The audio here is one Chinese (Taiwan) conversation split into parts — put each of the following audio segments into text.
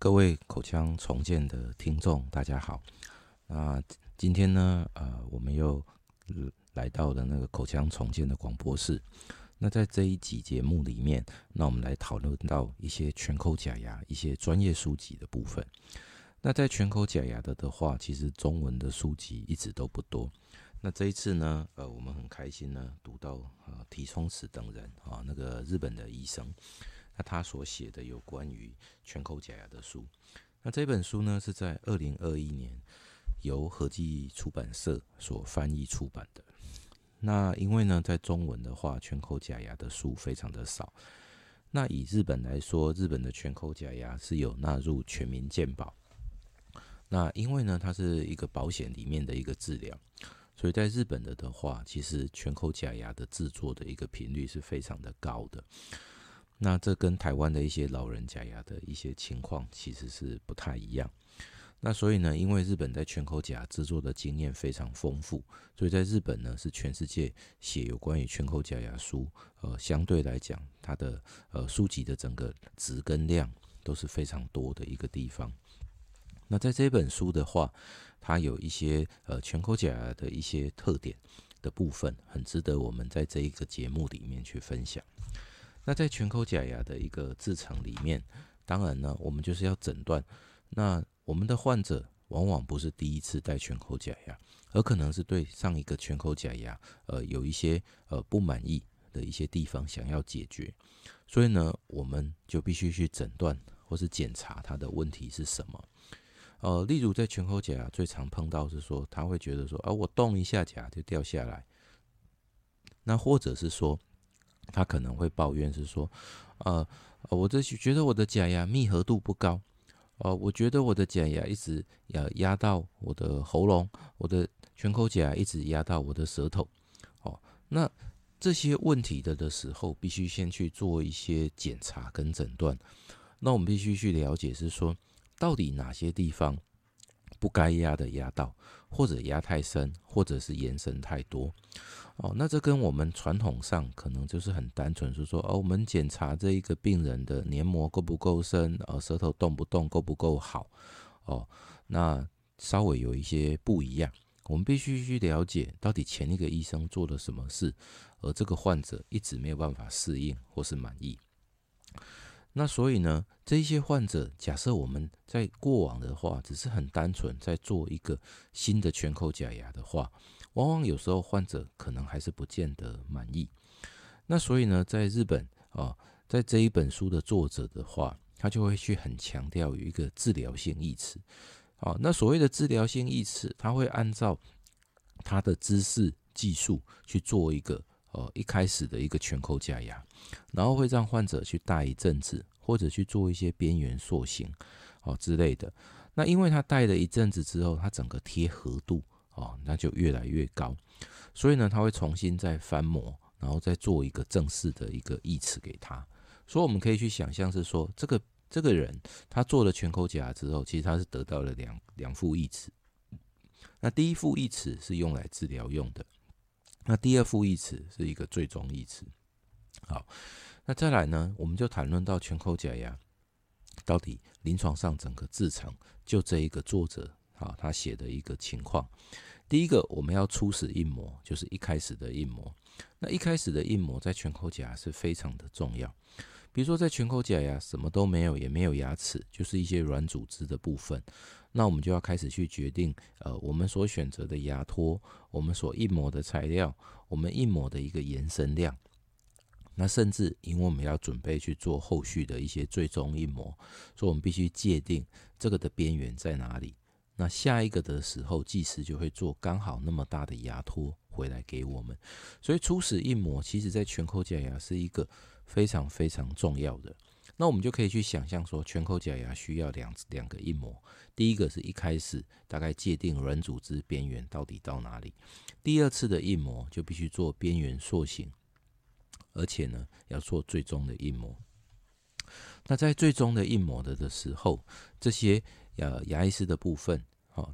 各位口腔重建的聽眾，大家好。那、啊、今天呢，呃，我們又來到了那個口腔重建的廣播室。那在這一集節目裡面，那我們來討論到一些全口假牙一些專業書籍的部分。那在全口假牙的的話，其實中文的書籍一直都不多。那這一次呢，呃，我們很開心呢，讀到啊、呃，提充史等人啊，那個日本的醫生。他所寫的有關於全口假牙的書，那這本書呢是在二零二一年由合記出版社所翻譯出版的。那因為呢，在中文的話，全口假牙的書非常的少。那以日本來說，日本的全口假牙是有納入全民健保。那因為呢，它是一個保險裡面的一個治療，所以在日本的的話，其實全口假牙的製作的一個頻率是非常的高的。那這跟台灣的一些老人假牙的一些情況其實是不太一樣。那所以呢，因為日本在全口假牙製作的經驗非常豐富，所以在日本呢是全世界寫有關於全口假牙書，呃，相對來講它的呃書籍的整個質跟量都是非常多的一個地方。那在這本書的話，它有一些呃全口假牙的一些特點的部分，很值得我們在這一個節目裡面去分享。那在全口假牙的一個製程裡面，當然呢，我們就是要診斷。那我們的患者往往不是第一次戴全口假牙，而可能是對上一個全口假牙，呃，有一些呃不滿意的一些地方想要解決。所以呢，我們就必須去診斷或是檢查他的問題是什麼？呃，例如在全口假牙最常碰到是說，他會覺得說，啊，我動一下假就掉下來。那或者是說。他可能會抱怨是說，呃我這覺得我的假牙密合度不高，哦、呃，我覺得我的假牙一直壓壓到我的喉嚨，我的全口假牙一直壓到我的舌頭，哦，那這些問題的的時候，必須先去做一些檢查跟診斷，那我們必須去了解是說，到底哪些地方不該壓的壓到，或者壓太深，或者是延伸太多。哦，那這跟我們傳統上可能就是很單純，是說，哦，我們檢查這一個病人的黏膜夠不夠深，呃，舌頭動不動夠不夠好，哦，那稍微有一些不一樣，我們必須去了解到底前一個醫生做了什麼事，而這個患者一直沒有辦法適應或是滿意。那所以呢，這一些患者假設我們在過往的話，只是很單純在做一個新的全口假牙的話。往往有時候患者可能還是不見得滿意，那所以呢，在日本啊，在這一本書的作者的話，他就會去很強調有一個治療性義齒，啊，那所謂的治療性義齒，他會按照他的知識技術去做一個呃一開始的一個全口假牙，然後會讓患者去戴一陣子，或者去做一些邊緣塑形哦之類的。那因為他戴了一陣子之後，他整個貼合度。哦，那就越來越高，所以呢，他會重新再翻模，然後再做一個正式的一個義齒給他。所以我們可以去想象是說，這個這個人他做了全口假牙之後，其實他是得到了兩兩副義齒。那第一副義齒是用來治療用的，那第二副義齒是一個最終義齒。好，那再來呢，我們就談論到全口假牙到底臨床上整個製程就這一個作者。好，他寫的一個情況。第一個，我們要初始印模，就是一開始的印模。那一開始的印模在全口假牙是非常的重要。比如說在全口假牙什麼都沒有，也沒有牙齒，就是一些軟組織的部分。那我們就要開始去決定，呃，我們所選擇的牙托，我們所印模的材料，我們印模的一個延伸量。那甚至因為我們要準備去做後續的一些最終印模，所以我們必須界定這個的邊緣在哪裡。那下一個的時候，技師就會做剛好那麼大的牙托回來給我們。所以初始印模其實在全口假牙是一個非常非常重要的。那我們就可以去想象說，全口假牙需要兩兩個印模，第一個是一開始大概界定軟組織邊緣到底到哪裡，第二次的印模就必須做邊緣塑形，而且呢要做最終的印模。那在最終的印模的的時候，這些呃牙醫師的部分。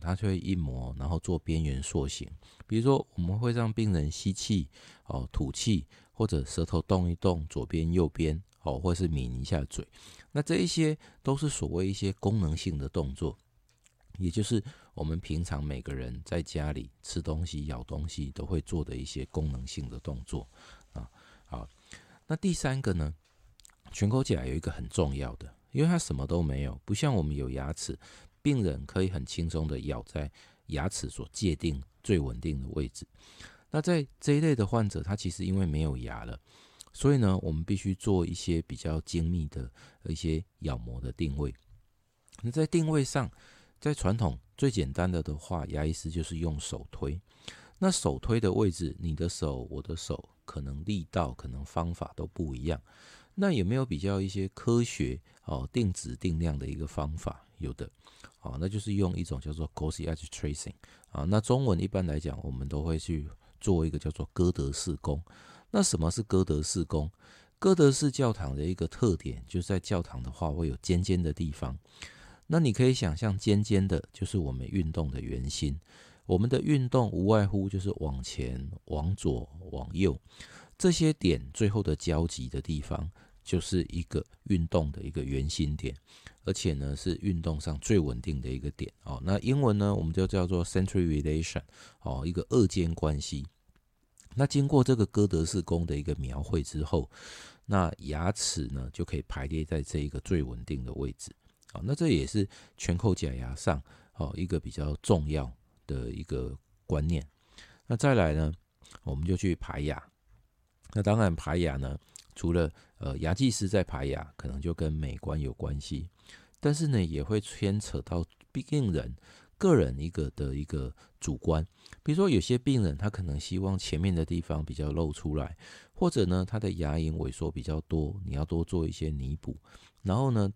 它就會一磨，然後做邊緣塑形。比如說，我們會讓病人吸氣，哦，吐氣，或者舌頭動一動，左邊右邊，哦，或者是抿一下嘴。那這一些都是所謂一些功能性的動作，也就是我們平常每個人在家裡吃東西、咬東西都會做的一些功能性的動作啊。好，那第三個呢，全口假牙有一個很重要的，因為它什麼都沒有，不像我們有牙齒。病人可以很輕鬆的咬在牙齒所界定最穩定的位置。那在這一類的患者，他其實因為沒有牙了，所以呢，我們必須做一些比較精密的一些咬模的定位。那在定位上，在傳統最簡單的的話，牙醫師就是用手推。那手推的位置，你的手、我的手，可能力道、可能方法都不一樣。那有沒有比較一些科學哦定值定量的一個方法？有的，哦，那就是用一種叫做 Gothic Arch Tracing 啊、哦。那中文一般來講，我們都會去做一個叫做哥德式弓。那什麼是哥德式弓？哥德式教堂的一個特點就是在教堂的話會有尖尖的地方。那你可以想象，尖尖的就是我們運動的圓心。我們的運動無外乎就是往前、往左、往右，這些點最後的交集的地方。就是一個運動的一個圓心點，而且呢是運動上最穩定的一個點哦。那英文呢我們就叫做 centric relation 哦，一個二尖關係。那經過這個哥德式弓的一個描繪之後，那牙齒呢就可以排列在這一個最穩定的位置。啊、哦，那這也是全口假牙上哦一個比較重要的一個觀念。那再來呢，我們就去排牙。那當然排牙呢。除了呃牙技師在排牙，可能就跟美觀有關係，但是呢也會牽扯到病人個人一個的一個主觀，比如說有些病人他可能希望前面的地方比較露出來，或者呢他的牙齦萎縮比較多，你要多做一些彌補，然後呢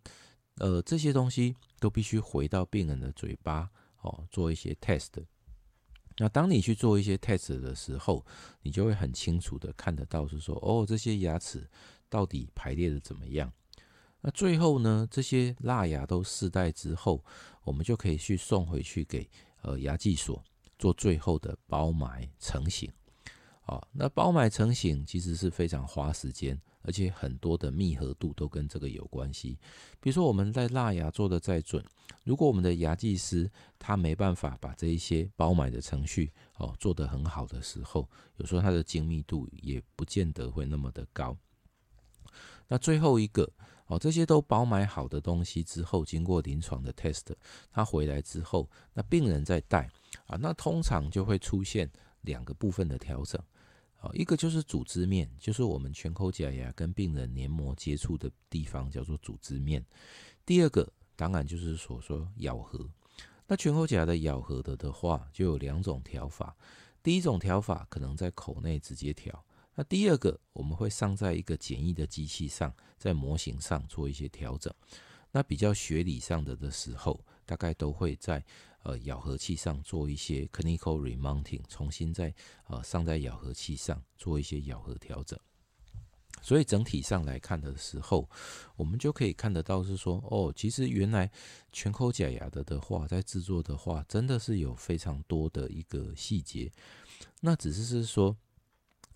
呃這些東西都必須回到病人的嘴巴哦做一些 test。那當你去做一些 test 的時候，你就會很清楚的看得到，是說哦，這些牙齒到底排列的怎麼樣？那最後呢，這些蠟牙都試戴之後，我們就可以去送回去給呃牙技所做最後的包埋成型。啊、哦，那包埋成型其實是非常花時間，而且很多的密合度都跟這個有關係。比如說我們在蠟牙做得再準，如果我們的牙技師他沒辦法把這一些包埋的程序哦做得很好的時候，有時候它的精密度也不見得會那麼的高。那最後一個哦，這些都包埋好的東西之後，經過臨床的 test，他回來之後，那病人在戴啊，那通常就會出現兩個部分的調整。一個就是組織面，就是我們全口假牙跟病人黏膜接觸的地方，叫做組織面。第二個，當然就是所說咬合。那全口假的咬合的的話，就有兩種調法。第一種調法可能在口內直接調。那第二個，我們會上在一個簡易的機器上，在模型上做一些調整。那比較學理上的的時候，大概都會在。呃，咬合器上做一些 clinical remounting，重新再呃上在咬合器上做一些咬合調整。所以整體上來看的時候，我們就可以看得到是說，哦，其實原來全口假牙的的話，在制作的話，真的是有非常多的一個細節。那只是是說，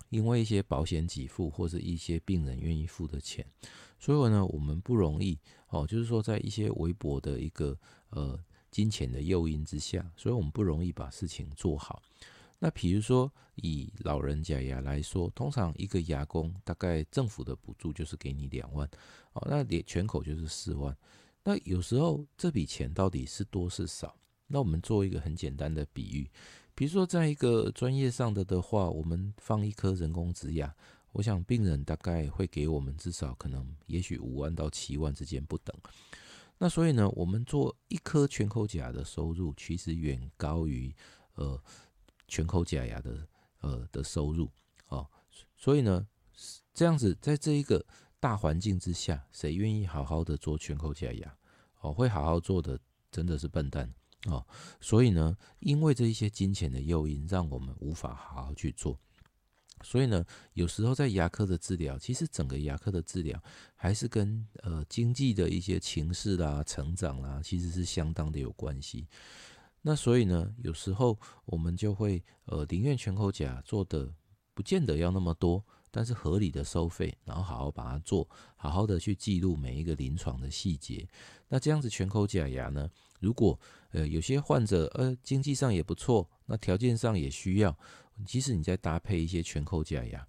因為一些保險給付或是一些病人願意付的錢，所以呢，我們不容易哦，就是說在一些微薄的一個呃。金錢的誘因之下，所以我們不容易把事情做好。那比如說，以老人假牙來說，通常一個牙工大概政府的補助就是給你兩萬，哦，那連全口就是四萬。那有時候這筆錢到底是多是少？那我們做一個很簡單的比喻，比如說在一個專業上的的話，我們放一顆人工植牙，我想病人大概會給我們至少可能，也許五萬到七萬之間不等。那所以呢，我們做一顆全口假牙的收入其實遠高於，呃，全口假牙的呃的收入哦，所以呢，這樣子在這一個大環境之下，誰願意好好的做全口假牙？哦，會好好做的真的是笨蛋哦。所以呢，因為這一些金錢的誘因，讓我們無法好好去做。所以呢，有時候在牙科的治療，其實整個牙科的治療還是跟呃經濟的一些情勢啦、成長啦，其實是相當的有關係。那所以呢，有時候我們就會呃寧願全口假做的不見得要那麼多，但是合理的收費，然後好好把它做，好好的去記錄每一個臨床的細節。那這樣子全口假牙呢，如果呃有些患者呃經濟上也不錯，那條件上也需要。即使你再搭配一些全口假牙，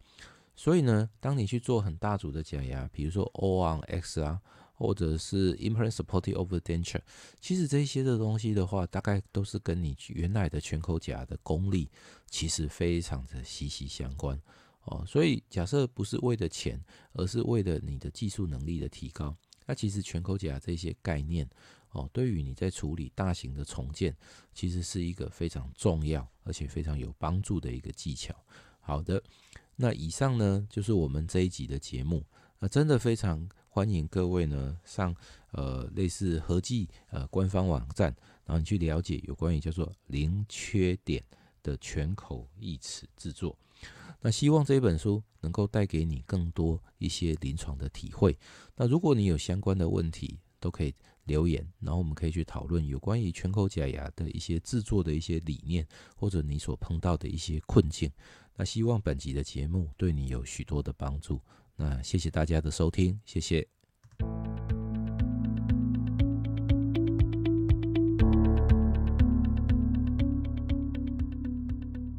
所以呢，當你去做很大組的假牙，比如說 All-on-X 啊，或者是 Implant Supported Overdenture，其實這些的東西的話，大概都是跟你原來的全口假的功力其實非常的息息相關哦。所以假設不是為了錢，而是為了你的技術能力的提高，那其實全口假這些概念。哦，對於你在處理大型的重建，其實是一個非常重要而且非常有幫助的一個技巧。好的，那以上呢就是我們這一集的節目。那真的非常歡迎各位呢上呃類似合記呃官方網站，然後你去了解有關於叫做零缺點的全口義齒制作。那希望這一本書能夠帶給你更多一些臨床的體會。那如果你有相關的問題，都可以留言，然後我們可以去討論有關於全口假牙的一些製作的一些理念，或者你所碰到的一些困境。那希望本集的節目對你有許多的幫助。那謝謝大家的收聽，謝謝。